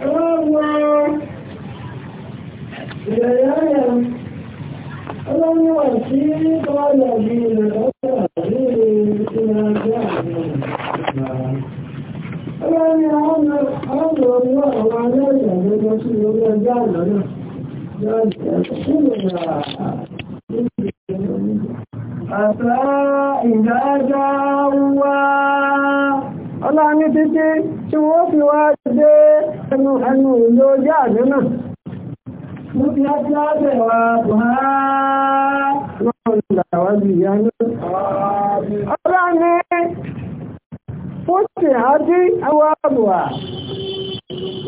Ọlá ní títí tí wọ́n fi wá ẹnu ẹnu ìlú ọjọ́ àdínà mú á ti ábẹ̀ wà buhari lọ́wọ́ ìlàwájú ìyá náà ọlá ní fúnṣì àájí àwọn àbùwà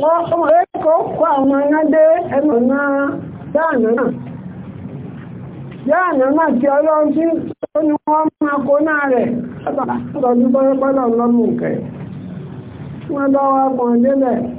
wọ́n ọmọ ẹ̀kọ́ kọ àwọn ẹ̀yádé ẹnu náà dáànà náà dáànà náà tí ọlọ́run wọ́n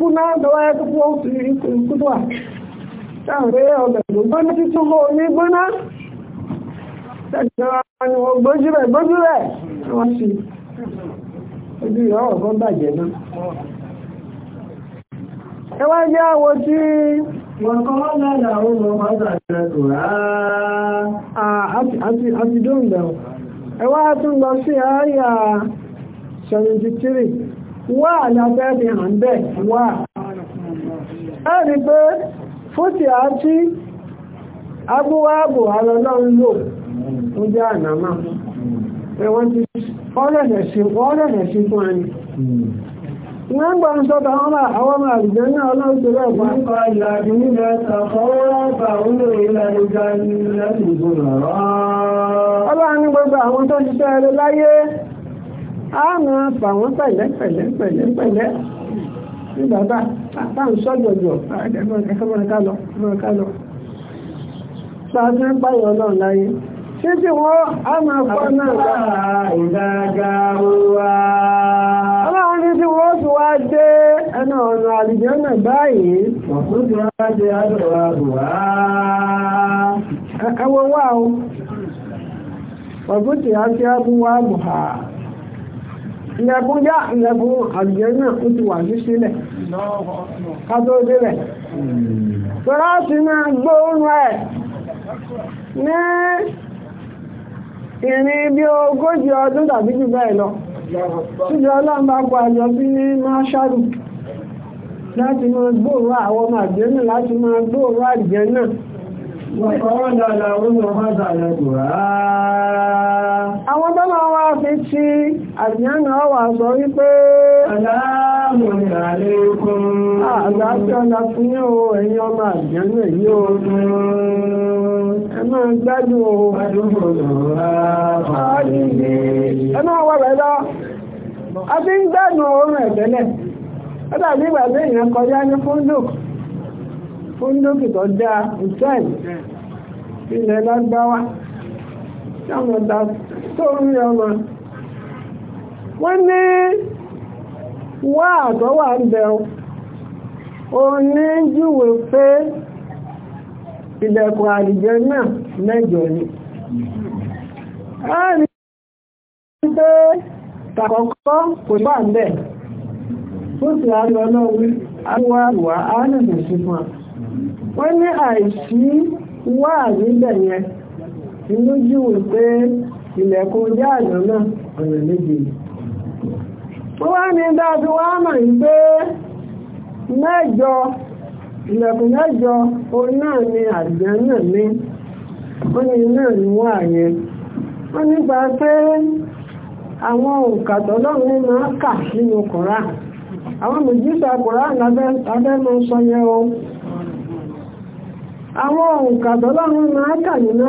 náà dọ́wọ́ ẹ́ tó pọ̀ sí ìkúdùwà táàrí ọ̀bẹ̀ tó gbóná tí túnbọ̀ ní gbóná tẹ̀síwá ni wọ́n gbójú rẹ̀ gbójú rẹ̀ wọ́n sì ojú ìyá ọ̀gọ́ bàjẹ́ náà ẹ wá jẹ́ àwọ tí wọ́n kọ́ wọ́n àwọn ọmọ wà lábẹ́ fi hàn bẹ́ẹ̀ wà ẹ̀rí pé fútì àti abúwáàbò alọ́lọ́run lò ń jẹ́ ànàmà ẹ̀wọ́n ti ọ́rẹ̀lẹ̀ sí fún ẹni wọ́n gbà ń sọ́ta wọ́n máa àwọn ọmọ àrùjẹ́ ní ọlọ́run tó rẹ̀ fún ọlọ́run gbogbo àwọn tó ṣiṣẹ́ rẹ̀ láyé a na fà wọ́n pẹ̀lẹ́ pẹ̀lẹ́ pẹ̀lẹ́ pẹ̀lẹ́ ní bàbá àpá sọ́jọ̀jọ̀ ẹ̀kọ́mọ̀ká lọ ọ̀nà báyìí ìlẹ̀kùn yá ìlẹ̀kùn àlùjànnà ó ti wà ní sílẹ̀ ká délẹ̀ tọ́lá sí ẹ̀ ní ìrìn bí ogójì ọdún tàbí jù bẹ́ẹ̀ lọ àjọ bí ní máṣáàrù láti máa gbóòórùn àwọn àjẹ́ náà láti máa gbóòórùn àjẹ́ náà وقال لهم خزنتها àwọn tọ́lọ wá fi tí àjẹ́nà wà sọ wípé aláàmùn àlékún àgbàtí ọ̀nà o àjẹ́nà yìí o ẹ̀mọ́ gbádùn o ẹ̀mọ́ wà lẹ́lọ́ a ti ń gbádùn oorun ẹ̀tẹ́lẹ̀ ó dàbí ìgbà tí èèyàn kọjá ní fún dókítà dáa ilẹ̀ lágbáwá táwọn tó rí ọmọ wọ́n ní wá àtọ́wà ń ọ o ní júwe pé ilẹ̀kùn àdìjẹ náà mẹ́jọ ni a ní pé tàkọ́kọ́ kò bá ń bẹ̀ tó sì àwọn wọ́n ní àìsí wà níbẹ̀ yẹn inú júwò pé ilẹ̀kùn jẹ́ àjọ náà na méje ó wá ní dájú wá mọ̀ ní pé mẹ́jọ ilẹ̀kùn mẹ́jọ orí náà ni àjẹ́ náà ní ó ní náà ní wà yẹn ó nípa pé àwọn òǹkàtọ́lọ́run ní máa kà nínú kọ̀rá àwọn mòjísà kọ̀rá lábẹ́ sọ yẹn o àwọn òǹkà máa kà nínú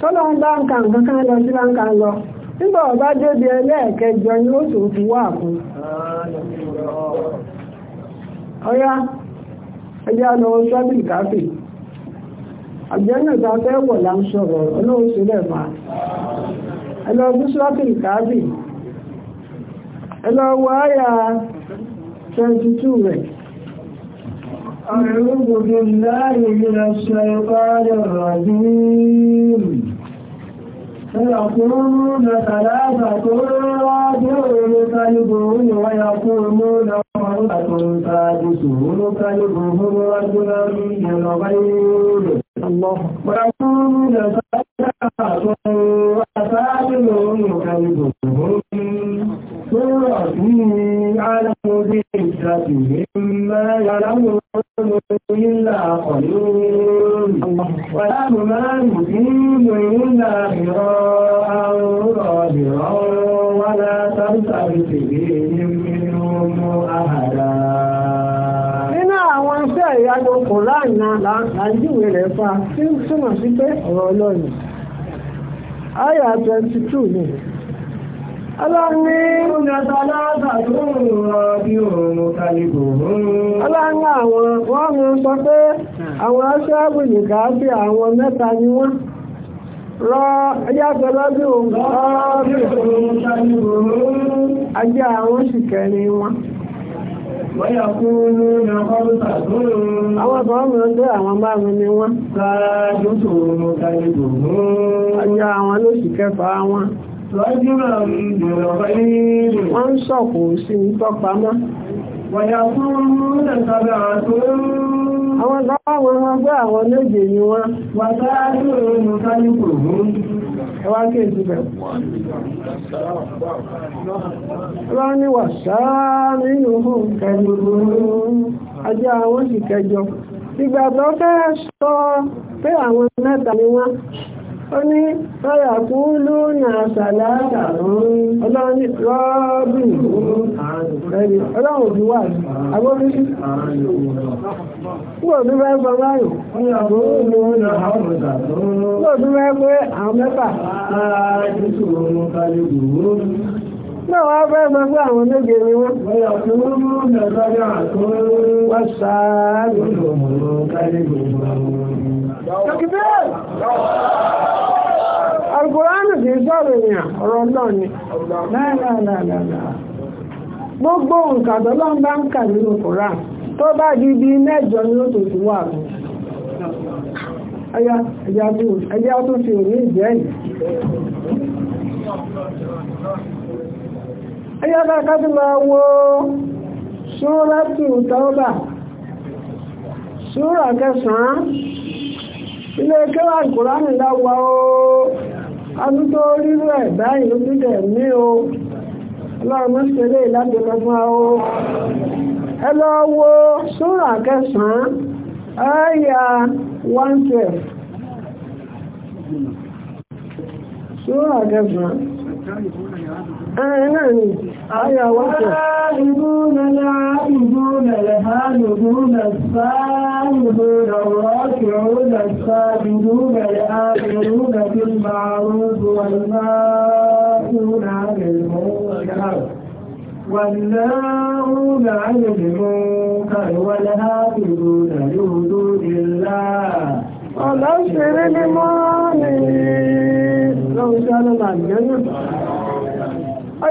tọ́lọ́run bá ń ka nǹkan kan lọ sí láǹkà lọ nígbà ọba débi ẹlẹ́ẹ̀kẹjọ ni ó tó fi wà fún ọyá ẹjẹ́ lọ sọ́bì káfì àjẹ́nà tó fẹ́ wọ̀ là ń sọ̀rọ̀ olóhùn sílẹ̀ fà ẹlọ́gbí 22 rẹ̀ أعوذ بالله من الشيطان الرجيم فيقولون ثلاثة رابعون كلبهم ويقولون مرأة سادسهم كلبهم رجلا من الغيب ويقولون ẹ̀yà ló na láàánà láàájúwé rẹ̀ fa tí ń túmọ̀ sí pé ọ̀rọ̀ Aya 22 ni aláàní aláàní àwọn wọ́n mú sọ pé àwọn aṣáájú nìkà bí àwọn mẹ́ta ni wọ́n rọ Àwọn ọ̀sán ọjọ́ àwọn márùn-ún ni wọ́n. Ọjọ́ àwọn lóṣù kẹfà wọn. Wọ́n ń sọ̀kù sí tọ́pamọ́. Wọ̀yà fún mú àwọn gáwọn wọn gbé àwọn méje ni wọ́n wà sáájú òun kálùkù òun ẹwà kéèkì bẹ̀rẹ̀ wọ́n ní wà sáájú òun kálùkù òun ajá àwọn sì kẹjọ ìgbà tó fẹ́ sọ pé àwọn mẹ́ta ni wọ́n ó ní ọ̀yà kú lónà sàlátà ọlọ́run ní rọ́ọ̀bì ẹni ọlọ́run òbí wà agbóbí sí púpọ̀ tó fẹ́ gbọ́ báyìí púpọ̀ tó fẹ́ pé àwọn mẹ́fà náà wá fẹ́ mọ́ pé àwọn méje ni wọ́n wọ́n sáà Tẹ̀kìtẹ́ẹ̀lì. Àlùkùránì kìí sọ̀rọ̀ èèyàn ọ̀rọ̀ náà ni. Gbogbo nǹkan tọ́lọ́ ń bá ń kà nínú Kùrán tó bá di ibi mẹ́jọ ni ó tó ti wà mí. Ẹyá tó fi òní ìjẹ́ yìí. Ẹyá bá ká tó máa wo Súrátù Tọ́bà, Súrà kẹsàn-án ilé kẹ́wà ìkòránì láwà ó adúgbò rírú ẹ̀ báyìí ló ti dẹ̀ mí o ọlọ́run mẹ́sẹ̀lẹ̀ láti lọ́gbọ́n ó ẹ wo sóra kẹsàn-án 112 sóra kẹsàn أعناني آية واحدة العائدون العائدون الهالبون السائبون الراكعون الساجدون الآمرون بالمعروف والماءون عن المنكر والناهون عن المنكر والهافظون لحدود الله وبشر المؤمنين لو كان الجنة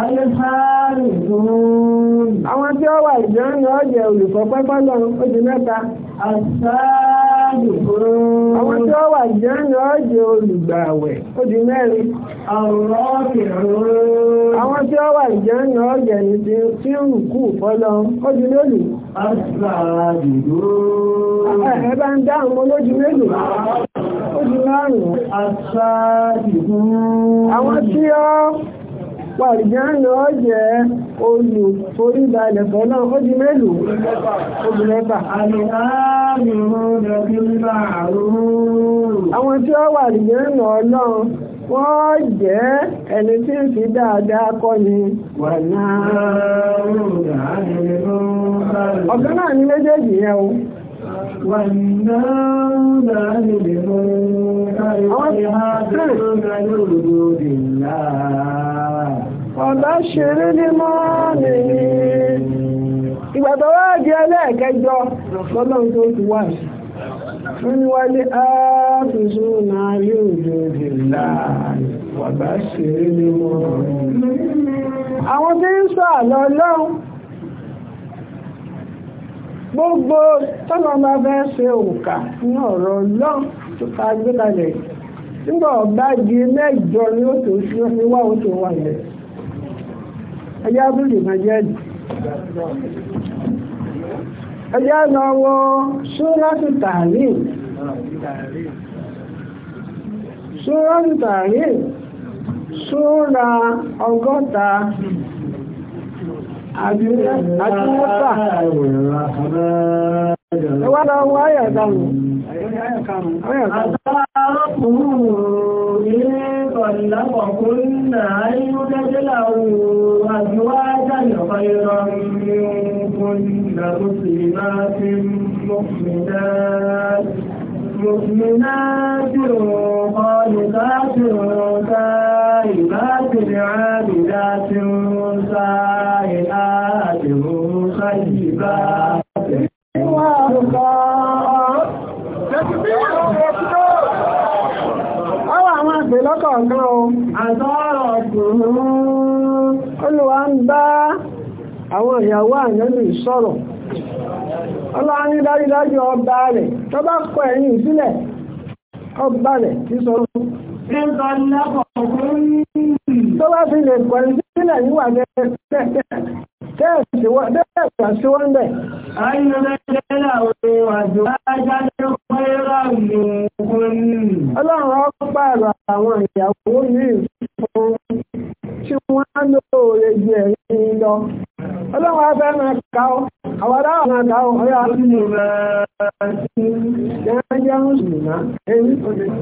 Àwọn tí ó wà ìjọ́rin ọ̀jẹ̀ olùkọ́ pẹ́pẹ́ lọ́run ó di mẹ́ta. Àwọn tí ó wà ìjọ́rin ọ̀jẹ̀ olùgbàwẹ̀ ó di mẹ́rin. Àwọn tí ó wà ìjọ́rin ọ̀jẹ̀ ní tí ń rùkú fọ́lọ́run ó di lóòlù. Ẹ bá ń dáhùn mọ́ lójú mélòó ó di márùn-ún. Àwọn tí ó pàrìjánà ó jẹ́ olùforíbalẹ̀ fọ́nà ó di mélòó obì mẹ́fà àwọn tí ó wà rìjánà ọlọ́run wọ́n jẹ́ ẹni tí ń fi dáadáa kọ́ ni wà náà ọ̀gán náà ní méjèèjì yẹn o Àwọn وبشر ṣeré ìgbà tó wá di ẹlẹ́ẹ̀kẹjọ lọ́lọ́run tó ti wà sí wọ́n ni náà yóò dòdì láàrin wàbá ní àwọn tí ń sọ àlọ́ ọlọ́run ẹjá lọ wọ ṣúrọ́tù tààrí ṣúrọ́tù tààrí ṣúra ọgọ́ta àti ẹwà lọ wọ ayà dánù ayà kàrùn-ún كنا أن يدخلوا أزواجا خيرا منكن مسلمات مؤمنات مؤمنات قانتات تائبات عابدات سائلات خيبات Àwọn àwọn àgbè lọ́kọ̀ọ̀kan o. Àtọ́ Mm-hmm. olùwà ń bá àwọn ìyàwó ànábì sọ̀rọ̀ ọlọ́wà ní dájúdájú ọba rẹ̀ tó bá kọ ẹ̀yìn sílẹ̀ ọba rẹ̀ tí sọ̀rọ̀ tó bá fi lè kọ̀ sílẹ̀ níwà Bẹ́ẹ̀ta Ọlọ́run ọpá ẹ̀rọ àwọn ìyàwó ní gbogbo ẹ̀yìn lọ ọlọ́wọ́ afẹ́ máa ká àwọ̀dá ọ̀nà ká ọ ọ̀yá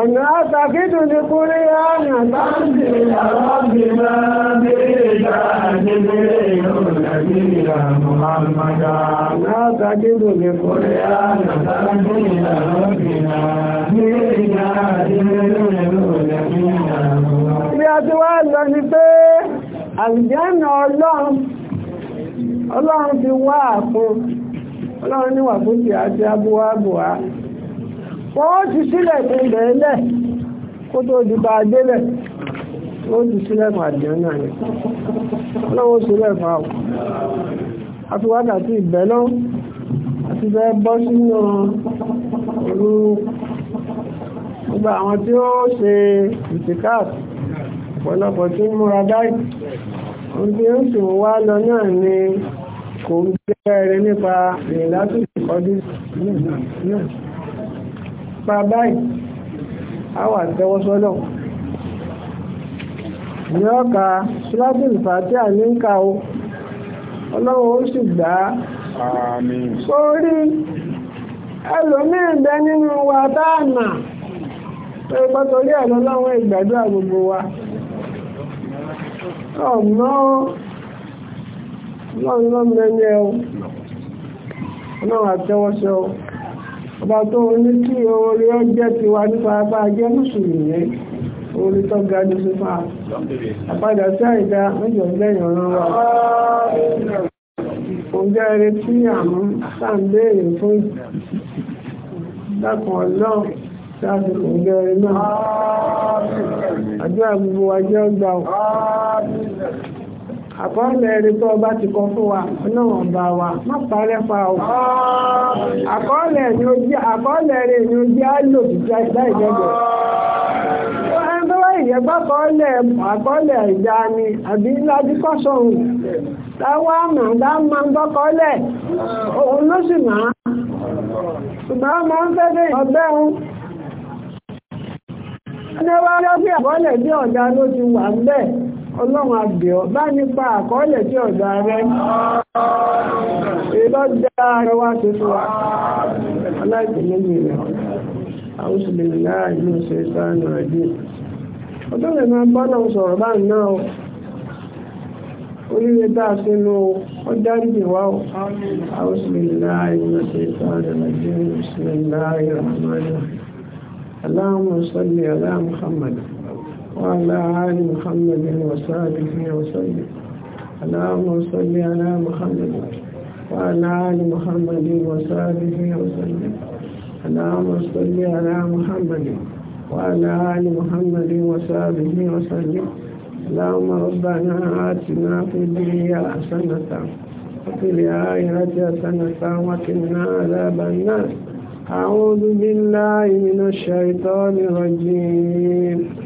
ọ̀nà àtàkìtù ní kúrí ààrùn àtàkìtù àwọ́gbìmá bèèrè àjẹ́bẹ̀rẹ̀ ìrọ̀lẹ̀ ọlọ́run ti wá àpò ọlọ́run níwà fún ti àti abúwá wọ́n ti sílẹ̀ fún bẹ̀ẹ́lẹ̀ kó tó di bá délẹ̀ wọ́n ti sílẹ̀ fún àjẹ́ náà ni ọlọ́wọ́ sílẹ̀ fún àwọn àtiwádà àti ìbẹ̀lọ́ àti bẹ́ẹ̀ bọ́ sínú òru gbogbo àwọn tí ó ṣe ìtìkáàt ọ̀pọ̀lọpọ̀ tí ń múra dáì ohun tí ó wá lọ náà ni kò ń gbẹ́rẹ̀ nípa ìrìnlátùkọ̀dí náà nípa báyìí àwọn àtẹwọ́sọ́lọ̀ ní ọ̀ka ṣíláàbùn ìfàtí àníkà o ọlọ́run ó sì gbà sórí ẹlòmíì bẹ nínú wa táàmà tó ipá torí wa ọ̀nà ọlọ́run lọ́mọ ẹni o ọba tó ní kí oore ó jẹ́ tiwa nípa bá a jẹ́ mùsùlùmí orí tó ga ní sífà àpadà sí àìdá mẹ́jọ lẹ́yìn ọ̀ràn wa oúnjẹ eré tí àmú sáǹdéèrè fún dákan náà láti oúnjẹ eré náà àjọ àgbègbè wa jẹ́ ọgbà àkọọ́lẹ̀ ẹni tó ọba ti kọ fún wa ọba wa má parẹ́ pa o àkọọ́lẹ̀ ẹni ojú á lò ẹni wáyé gbọ́ àkọọ́lẹ̀ ìjà ni àbí lájú kọ́sọ̀hún táwa mọ̀ dá máa ń gbọ́kọ́lẹ̀ òun ló sì máa ṣùgbọ́n ọmọ ń fẹ́ dé ọgbẹ́ òun ọlọ́run àgbẹ̀ ọ̀bá nípa àkọọ́lẹ̀ tí ọ̀dá rẹ̀ ìlọ́dá ẹwà tó tó wà aláìtẹ̀lẹ́yìn rẹ̀ àwọn òṣèlè láàá ìlú ṣe sáànà ẹ̀dẹ́ ọjọ́ rẹ̀ máa bá náà sọ̀rọ̀ bá náà oríire tá a ṣe ló ọjọ́ ìdè wá ọ àwọn òṣèlè láàá ìlú ṣe sáànà ẹ̀dẹ́ òṣèlè láàá ìrànlọ́rẹ̀ aláàmù sọ́lẹ̀ aláàmù hamadu وعلى آل محمد وصحبه وسلم اللهم صل على محمد وعلى آل محمد وصحبه وسلم اللهم صل على محمد وعلى آل محمد وصحبه وسلم اللهم ربنا آتنا في الدنيا حسنة وفي الآخرة حسنة وقنا عذاب النار أعوذ بالله من الشيطان الرجيم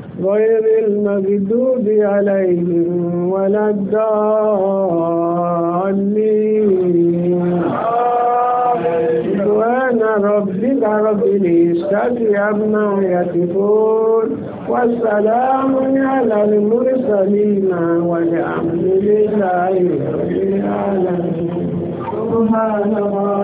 غير المغدوب عليهم ولا الضالين وانا ربي رب العزة عما يصفون والسلام على المرسلين والحمد لله رب العالمين سبحان الله